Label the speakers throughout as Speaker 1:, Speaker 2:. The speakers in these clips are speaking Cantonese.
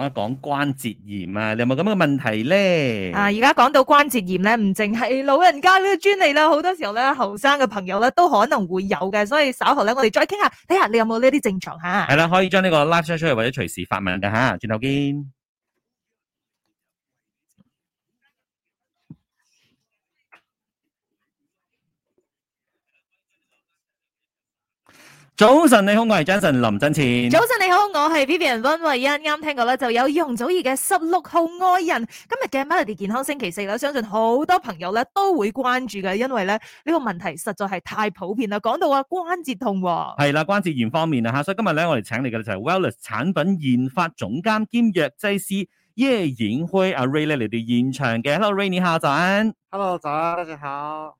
Speaker 1: 我講關節炎啊，你有冇咁嘅問題呢？啊，
Speaker 2: 而家講到關節炎呢，唔淨係老人家嘅專利啦，好多時候呢，後生嘅朋友呢都可能會有嘅，所以稍後呢，我哋再傾下。睇下你有冇呢啲症狀吓？係
Speaker 1: 啦，可以將呢個拉出出嚟，或者隨時發問㗎吓，轉頭見。早晨，你好，我係 Jason 林振前。早
Speaker 2: 晨，你好，我係 Vivian 溫慧欣。啱聽過咧，就有容祖兒嘅十六號愛人。今日嘅 Melody 健康星期四啦，相信好多朋友咧都會關注嘅，因為咧呢個問題實在係太普遍啦。講到關節啊關節痛，
Speaker 1: 係啦關節炎方面啊，吓，所以今日咧我哋請嚟嘅就係 Wellness 產品研發總監兼藥劑師葉顯輝阿 Ray 咧嚟到現場嘅。Hello Ray，你好，早晨。
Speaker 3: Hello，大家好。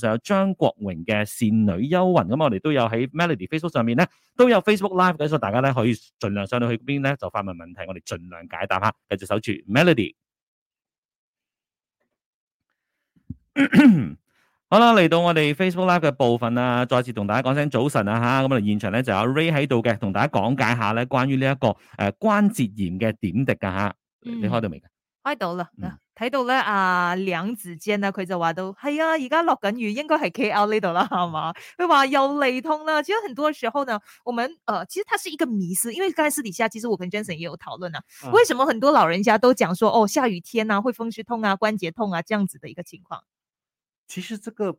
Speaker 1: 就有張國榮嘅《倩女幽魂》咁啊，我哋都有喺 Melody Facebook 上面咧，都有 Facebook Live，咁所以大家咧可以儘量上到去邊咧就發問問題，我哋儘量解答嚇。繼續守住 Melody。好啦，嚟到我哋 Facebook Live 嘅部分啊，再次同大家講聲早晨啊嚇。咁啊，我哋現場咧就有 Ray 喺度嘅，同大家講解下咧關於呢一個誒關節炎嘅點滴噶嚇。你開到未？
Speaker 2: 開到啦，睇到咧啊兩字 j a 啊，佢就、啊、話都係啊，而家落緊雨應，應該係企喺呢度啦，係嘛？佢話又雷通啦。其實很多時候呢，我們呃其實它是一個迷思，因為剛才私底下，其實我跟 Jason 也有討論啦，為什麼很多老人家都講說，哦，下雨天啊會風濕痛啊、關節痛啊，這樣子的一個情況。
Speaker 3: 其實這個。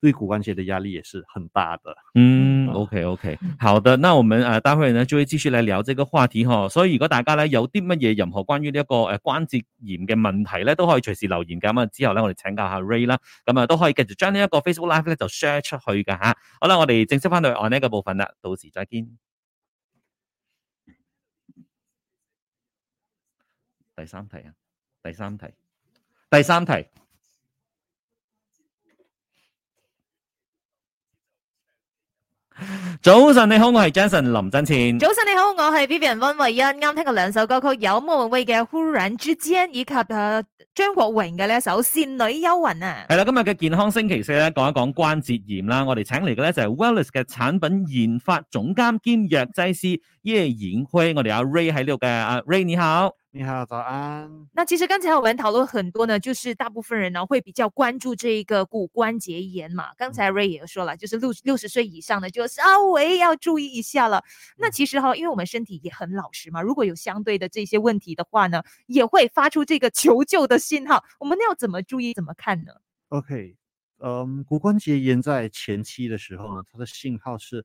Speaker 3: 對骨關節的壓力也是很大的。嗯，
Speaker 1: 嗯，OK OK，嗯好的，那我們啊，待會呢就會繼續來聊這個話題哈。所以如果大家呢，有啲乜嘢任何關於呢一個誒關節炎嘅問題呢，都可以隨時留言噶。咁啊之後呢，我哋請教下 Ray 啦。咁、嗯、啊都可以繼續將呢一個 Facebook Live 咧就 share 出去噶吓。好啦，我哋正式翻到下一個部分啦。到時再見。第三題啊，第三題，第三題。早晨你好，我係 Jason 林振前。早
Speaker 2: 晨你好，我係 Vivian 溫慧欣。啱聽過兩首歌曲，有莫文蔚嘅忽然之間，以及、啊、張國榮嘅呢首倩女幽魂啊。
Speaker 1: 係啦，今日嘅健康星期四咧，講一講關節炎啦。我哋請來嘅咧就係 Wallace 嘅產品研發總監兼藥劑師。葉銀輝，我哋阿 Ray 喺個嘅，啊 Ray 你好，你好，早安。
Speaker 2: 那其實剛才我們討論很多呢，就是大部分人呢會比較關注這一個骨關節炎嘛。剛才 Ray 也說了，就是六六十歲以上的，就稍微要注意一下了。那其實哈，因為我們身體也很老實嘛，如果有相對的這些問題的話呢，也會發出這個求救的信號。我們那要怎麼注意、怎麼看呢
Speaker 3: ？OK，嗯、呃，骨關節炎在前期的時候呢，嗯、它的信號是。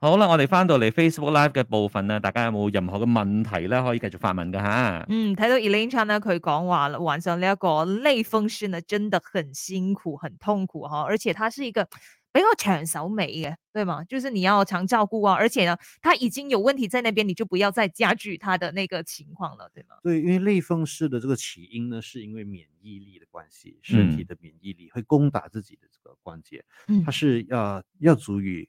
Speaker 1: 好啦，我哋翻到嚟 Facebook Live 嘅部分啦，大家有冇任何嘅問題咧？可以繼續發問噶吓。嗯，
Speaker 2: 睇到 Eileen Chan 咧，佢講話患上呢一個類風濕咧，真的很辛苦，很痛苦哈。而且它是一個比較長手尾嘅，對嗎？就是你要常照顧啊。而且呢，它已經有問題在那邊，你就不要再加劇它的那個情況了，對
Speaker 3: 嗎？對，因為類風濕的這個起因呢，是因為免疫力的關係，身體的免疫力、嗯、會攻打自己的這個關節，嗯，它是要、嗯、要足以。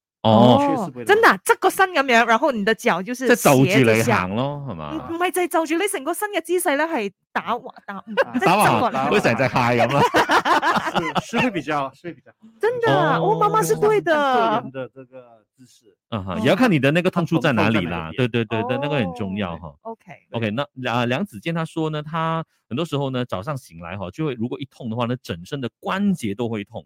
Speaker 3: 哦，哦，真的、
Speaker 2: 啊，側個身咁樣，然後你的腳就是就住你行
Speaker 1: 咯，係嘛？
Speaker 2: 唔唔係就係就住你成個身嘅姿勢咧，係打滑打，打滑，或
Speaker 1: 者再 high 咁。是會比較，是會比較好。真的、啊，我、哦
Speaker 2: 哦、媽媽是對
Speaker 4: 的。個人的這個姿
Speaker 1: 勢，嗯、啊哦，也要看你的那個痛處在哪裏啦。哦、對對對，對、哦，那個很重要哈。
Speaker 2: OK，OK，okay,
Speaker 1: okay, 那梁、呃、梁子健他說呢，他很多時候呢早上醒來哈，就會如果一痛的話，呢整身的關節都會痛。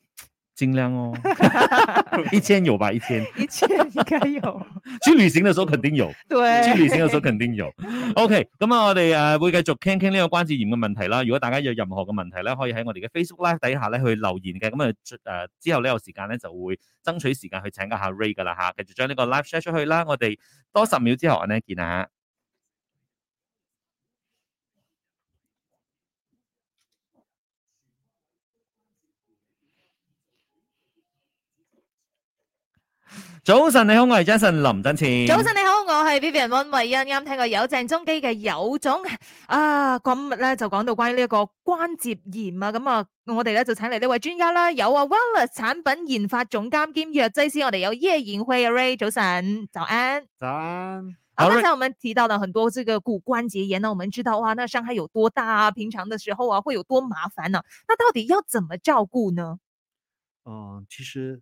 Speaker 1: 盡量哦， 一千有吧？一千， 一
Speaker 2: 千應該有。
Speaker 1: 去旅行嘅時候肯定有，對，去旅行的時候肯定有。OK，咁啊，我哋誒會繼續傾傾呢個關節炎嘅問題啦。如果大家有任何嘅問題咧，可以喺我哋嘅 Facebook Live 底下咧去留言嘅。咁、嗯、啊，誒之後呢個時間咧就會爭取時間去請教一下 Ray 噶啦吓，繼續將呢個 Live share 出去啦。我哋多十秒之後我哋見下。早晨，你好，我係 Jason 林振前。早晨，
Speaker 2: 你好，我係 Vivian 温慧欣。啱聽過有鄭中基嘅有種啊，今日咧就講到關於呢一個關節炎啊，咁啊，我哋咧就請嚟呢位專家啦，有啊，Wella 產品研發總監兼藥劑師，我哋有葉賢惠啊 Ray，早晨，早安，早安。啊，剛才我們提到了很多這個骨關節炎呢，我們知道哇、啊，那傷害有多大啊？平常的時候啊，會有多麻煩啊？那到底要怎麼照顧呢？嗯，
Speaker 3: 其實。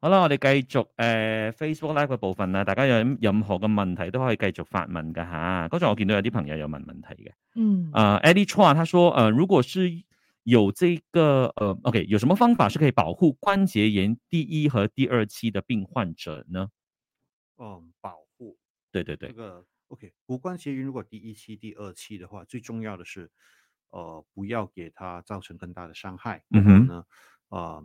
Speaker 1: 好啦，我哋繼續誒、呃、Facebook Live 嘅部分啦，大家有任何嘅問題都可以繼續發問噶吓。剛才我見到有啲朋友有問問題嘅，嗯，啊、uh, Eddie Chu 啊，他說，誒、呃，如果是有這個，誒、呃、，OK，有什麼方法是可以保護關節炎第一和第二期的病患者呢？嗯，
Speaker 3: 保護，
Speaker 1: 對對對，這
Speaker 3: 個 OK，骨關節炎如果第一期、第二期的話，最重要的是，誒、呃，不要給他造成更大的傷害。嗯哼，啊。呃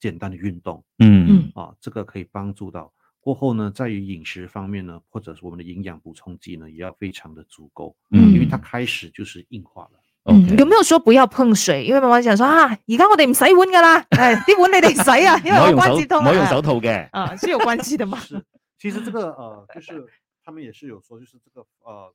Speaker 3: 簡單的運動，嗯嗯啊，這個可以幫助到過後呢，在於飲食方面呢，或者是我們的營養補充劑呢，也要非常的足夠，嗯、啊，因為它開始就是硬化了、嗯
Speaker 2: okay。有沒有說不要碰水？因為我想說啊，而家我哋唔使洗碗㗎啦，誒、 哎，啲碗你哋洗啊，因為我關節痛，我用手套我用手套嘅啊，是有關係的嘛。
Speaker 3: 其實這個呃，就是他們也是有說，就是這個呃。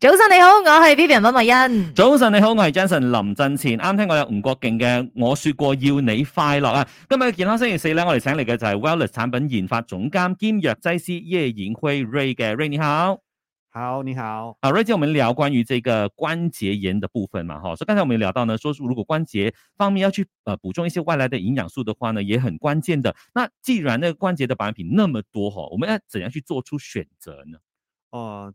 Speaker 2: 早晨你好，我是 Vivian 文慧欣。早晨你好，我
Speaker 1: 是 Jensen 林振前。啱聽我有吳國敬嘅我說過要你快樂啊。今日嘅健康星期四咧，我哋請嚟嘅就係 Wellness 產品研發總監兼藥劑師葉影輝 Ray 嘅 Ray 你好，好你好。啊 Ray，今天我們聊關於這個關節炎的部分嘛，所以剛才我們聊到呢，說如果關節方面要去誒、呃、補充一些外來的營養素的話呢，也很關鍵的。那既然那個關節的產品那麼多、啊，我們要怎樣去做出選擇呢？哦、呃。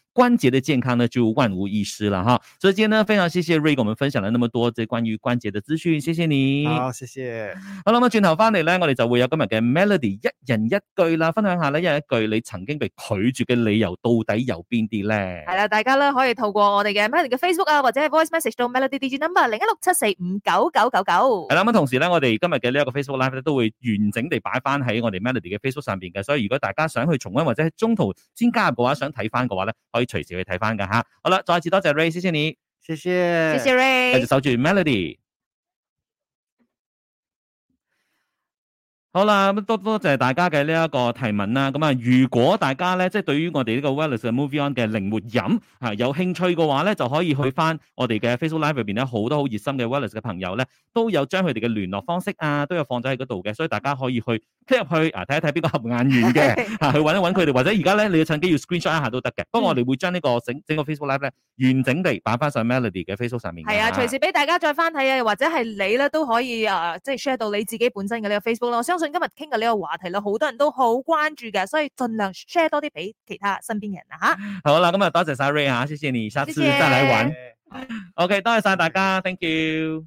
Speaker 1: 關節的健康呢就萬無一失啦，所以今天呢非常謝謝 Ray 我們分享了那麼多關於關節的資訊，謝謝你。好、哦，謝謝。好啦，咁轉頭翻嚟咧，我哋就會有今日嘅 Melody 一人一句啦，分享下咧一人一句你曾經被拒絕嘅理由到底有邊啲咧？
Speaker 2: 係啦，大家咧可以透過我哋嘅 Melody 嘅 Facebook 啊，或者係 Voice Message 到 Melody DJ number 零一六七四五九九九九。
Speaker 1: 係啦，咁同時咧我哋今日嘅呢一個 Facebook Live 咧都會完整地擺翻喺我哋 Melody 嘅 Facebook 上邊嘅，所以如果大家想去重温或者中途先加入嘅話，想睇翻嘅話咧，可以可以隨時去睇翻噶嚇，好啦，再次多謝 Ray，謝謝你，謝謝謝謝 Ray，繼續守住 Melody。好啦，多多謝大家嘅呢一個提問啦。咁啊，如果大家咧即係對於我哋呢個 Wallace Moving On 嘅靈活飲啊有興趣嘅話咧，就可以去翻我哋嘅 Facebook Live 入邊咧，好多好熱心嘅 Wallace 嘅朋友咧，都有將佢哋嘅聯絡方式啊，都有放咗喺嗰度嘅，所以大家可以去 click 入去啊，睇一睇邊個合眼緣嘅啊，去揾一揾佢哋，或者而家咧你要趁機要 Screenshot 一下都得嘅。不過我哋會將呢個整整個 Facebook Live 咧完整地擺翻上 Melody 嘅 Facebook 上面。係啊，隨時
Speaker 2: 俾大家再翻睇啊，啊，又或者係你咧都可以啊，即係 share 到你自己本身嘅呢個 Facebook 咯。最近今日傾嘅呢個話題咧，好多人都好關注嘅，所以盡量 share 多啲俾其他身邊人啊嚇。
Speaker 1: 好啦，咁啊，多謝曬 Ray 啊，謝謝你，下次再嚟玩。謝謝 OK，多、okay，謝晒大家，Thank you。